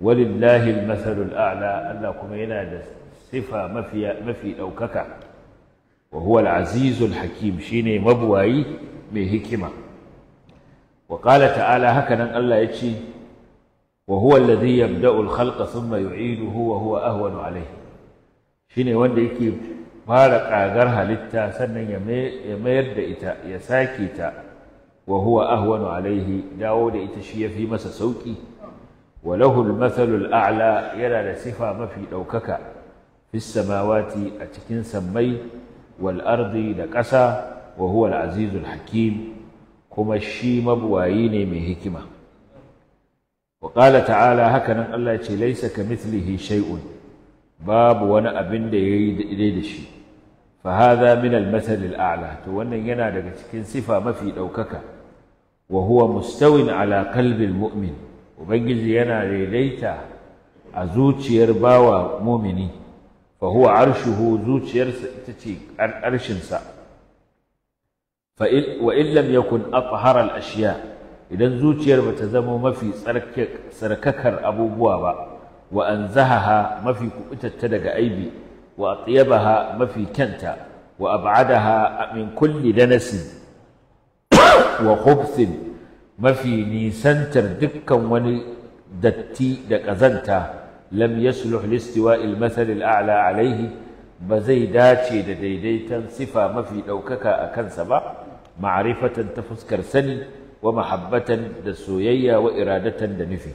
ولله المثل الأعلى أنكم إنا صفة مفي مفي أو ككا wa huwa al-azizul hakim shine mabuwayi mai hikima wa qala ta'ala haka nan Allah ya ce wa huwa alladhi yabda'u al-khalqa thumma yu'iduhu wa huwa ahwanu alayhi shine wanda yake fara kagar halitta sannan ya mayar da ita ya sake ta wa huwa ahwanu alayhi dawo da ita shi yafi masa sauki wa lahu al-mathalu al-a'la yana da sifa mafi daukaka fi samawati a cikin sammai wal ardi da ƙasa wa huwa al-azizul hakim kuma shi mabuwayi ne mai hikima wa ƙala ta'ala nan Allah ce laisa kamithlihi shay'un babu wani abin da yayi daidai da shi fa hadha min al-mathal ala to wannan yana daga cikin sifa mafi ɗaukaka. wa huwa mustawin ala qalbi mumin ubangiji yana daidaita a zuciyar bawa mumini fa arshuhu zuciyarsa ita ce arshinsa fa wa in lam yakun athhara al ashiya idan zuciyar bata zama mafi tsarkakar abubuwa ba wa anzahaha mafi kuɓutatta daga aibi wa atyabaha mafi kyanta wa ab'adaha min kulli danasin wa khubthin mafi nisantar dukkan wani datti da ƙazanta lam yasluh listiwa al al-a'la alaihi ba zai dace da daidaitan sifa mafi ɗaukaka a kansa ba ma'arifatan ta fuskar sani wa mahabbatan da soyayya wa iradatan da nufi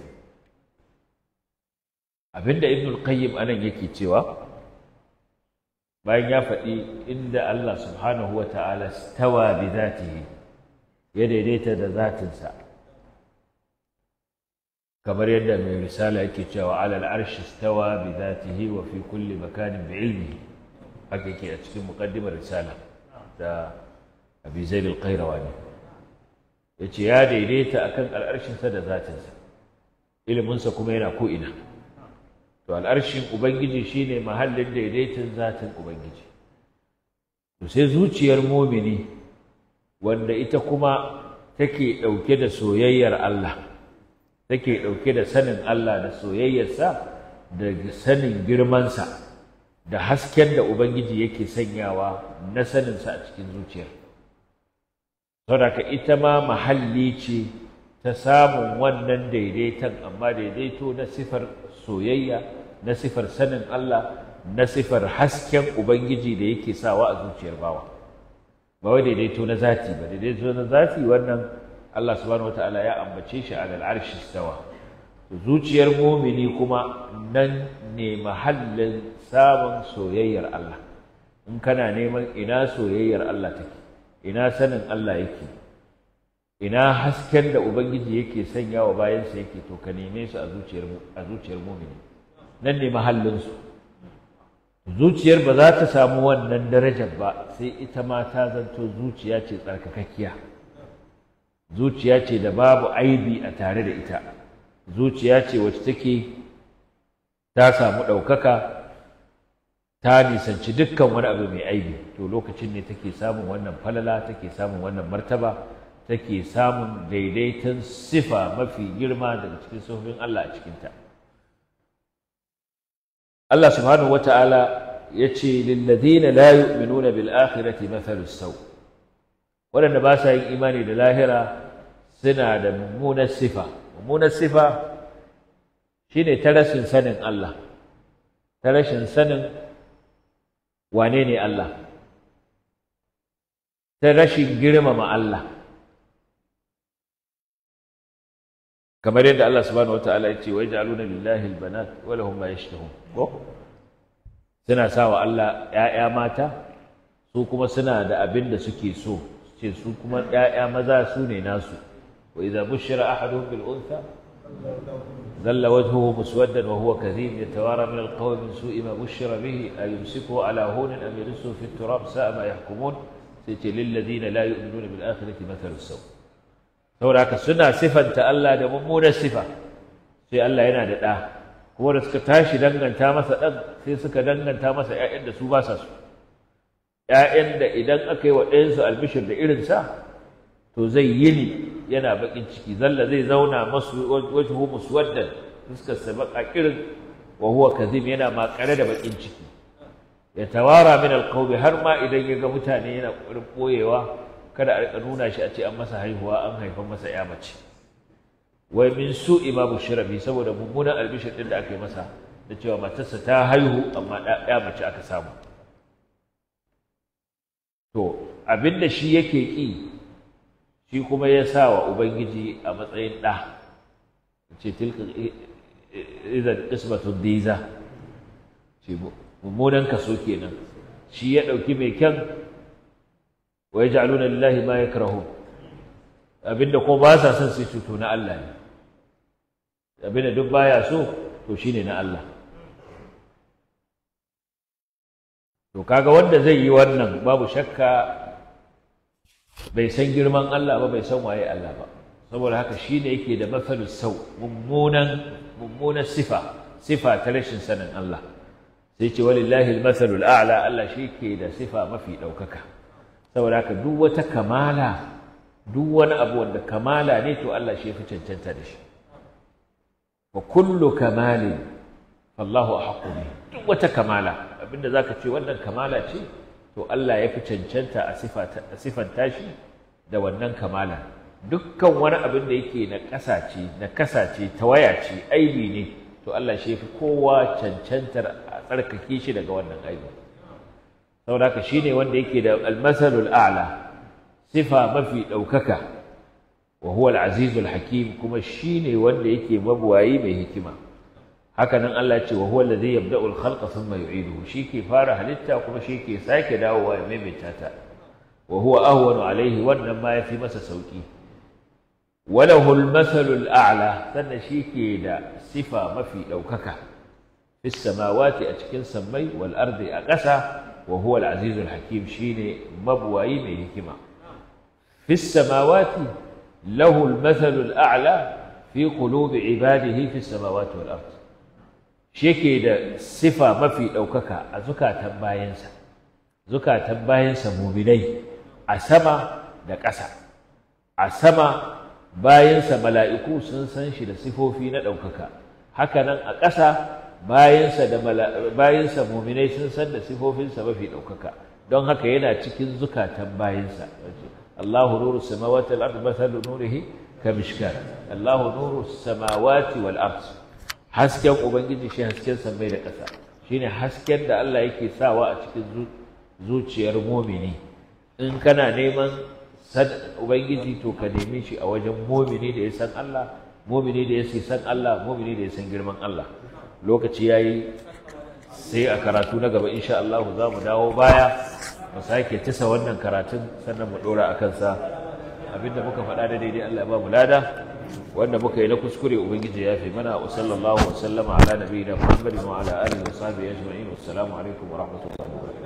abinda ibn al-qayyim anan yake cewa bayan ya faɗi inda Allah subhanahu wa ta'ala stawa bi zatihi ya daidaita da zatinsa kamar yadda mai risala yake cewa alal arshi stawa bi zatihi wa fi kulli makanin bi ilmi haka yake a cikin muqaddimar risala da abi zaid al-qayrawani yace ya daidaita akan al'arshin sa da zatin sa ilimin sa kuma yana ko ina to al'arshin ubangiji shine mahallin daidaitin zatin ubangiji to sai zuciyar mumini wanda ita kuma take dauke da soyayyar Allah take ɗauke da sanin Allah da soyayyarsa da sanin girmansa da hasken da Ubangiji yake sanyawa na saninsa a cikin zuciyar. Saboda ita ma mahalli ce ta samun wannan daidaiton amma daidaito na sifar soyayya na sifar sanin Allah na sifar hasken Ubangiji da yake sawa a zuciyar bawa. Ba daidaito na zati ba, daidaito na zati wannan Allah subhanahu wataala ya ambace shi a arshi stawa zuciyar mumini kuma nan ne mahallin samun soyayyar Allah in kana neman ina soyayyar Allah take ina sanin Allah yake ina hasken da ubangiji yake sanya wa bayansa yake to ka neme su a zuciyar a zuciyar mumini nan ne mahallin su zuciyar ba za ta samu wannan darajar ba sai ita ma ta zanto zuciya ce tsarkakakkiya zuciya ce da babu aibi a tare da ita zuciya ce wacce take ta samu ɗaukaka ta nisanci dukkan wani abu mai aibi to lokacin ne take samun wannan falala take samun wannan martaba take samun daidaiton sifa mafi girma daga cikin sufofin Allah a cikinta Allah subhanahu wata'ala ya ce lillazina la yu'minuna bil akhirati mathalu saw' waɗanda ba sa yin imani da lahira suna da mummunar sifa mummunar sifa shine ta rashin sanin Allah ta rashin sanin wane ne Allah ta rashin girmama Allah kamar yadda Allah subhanahu wataala ya ce wa yaj'aluna lillahi albanat wa lahum ma yashtahun ko suna sawa Allah 'ya'ya mata su kuma suna da abin da suke so ce su kuma ƴaƴa maza su ne nasu wa idza bushira ahaduhum bil untha zalla wajhuhu muswaddan wa huwa kadhim yatawara min al qawmi min su'i ma bushira bihi ayumsiku ala hunin am yadsu fi turab sa'a ma yahkumun sai ce lil ladina la yu'minuna bil akhirati mathalu saw saboda haka suna sifanta Allah da mummunar sifa sai Allah yana da kuma da suka tashi danganta masa dan sai suka danganta masa ƴaƴan da su ba sa su ‘ya'yan da idan aka yi wa ɗayansu albishir da irinsa to zai yi ni yana baƙin ciki zalla zai zauna masu wajhu muswaddan fuskarsa baƙa irin wa huwa kazim yana makare da baƙin ciki ya tawara min alqawmi har ma idan ya ga mutane yana ƙoƙarin ɓoyewa kada a riƙa nuna shi a ce an masa haihuwa an haifa masa ya mace wai min su imamu shirabi saboda mummunan albishir ɗin da aka yi masa da cewa matarsa ta haihu amma ya mace aka samu to abinda shi yake ƙi shi kuma ya sa wa ubangiji a matsayin ɗa ce tilka idan qismatun diza ce mummunan kaso kenan shi ya ɗauki mai kyan wa yaj'aluna lillahi ma yakrahun abinda ko ba sa son sai to na Allah ne abinda duk baya so to shine na Allah to kaga wanda zai yi wannan babu shakka bai san girman Allah ba bai san waye Allah ba saboda haka shine yake da mafarin sau mummunan mummunan sifa sifa ta rashin sanin Allah sai ce walillahi masalul a'la Allah shi ke da sifa mafi ɗaukaka saboda haka duk wata kamala duk wani abu wanda kamala ne to Allah shi fi cancanta da shi wa kullu kamalin Allahu hakumi duk wata kamala abinda za ka ce wannan kamala ce to Allah ya fi cancanta a sifanta shi da wannan kamala dukkan wani abin da yake na ƙasa ce na kasa ce tawaya ce aibi ne to Allah shi fi kowa cancantar a tsarkake shi daga wannan aibi saboda haka shine wanda yake da almasalul a'la sifa mafi ɗaukaka wa huwa al-azizul hakim kuma ne wanda yake mabuwayi mai hikima haka nan Allah ce wa huwa alladhi yabda'u al-khalqa thumma yu'iduhu ke fara halitta kuma shi ke sake dawowa ya maimaita ta wa huwa ahwanu alaihi wannan ma yafi masa sauki wa lahu al-mathalu al-a'la sannan ke da sifa mafi daukaka fi samawati a cikin sammai wal ardi a ƙasa wa huwa al-aziz al-hakim shine mabwayi mai hikima fi samawati lahu al-mathalu al-a'la fi qulubi ibadihi fi samawati wal ardi shi yake da sifa mafi ɗaukaka a zukatan bayansa zukatan bayansa muminai a sama da ƙasa a sama bayansa mala'iku sun san shi da sifofi na ɗaukaka hakanan a ƙasa bayansa da bayansa muminai sun san da sifofinsa mafi ɗaukaka don haka yana cikin zukatan bayansa Allahu nuru samawati wal ardi mathalu nurihi kamishkar Allahu nuru samawati wal ardi hasken ubangiji shi hasken sammai da ƙasa shine hasken da Allah yake sawa a cikin zuciyar mumini in kana neman san ubangiji to ka neme shi a wajen mumini da ya san Allah mumini da ya san Allah mumini da ya san girman Allah lokaci yayi sai a karatu na gaba insha Allah za mu dawo baya mu sake tisa wannan karatun sannan mu dora akan sa abinda muka faɗa da daidai Allah ba mu lada wanda muka yi na kuskure ubangiji ya fi mana wa sallallahu wa sallama ala nabiyina Muhammadin wa ala alihi wa sahbihi ajma'in assalamu alaikum wa rahmatullahi wa barakatuh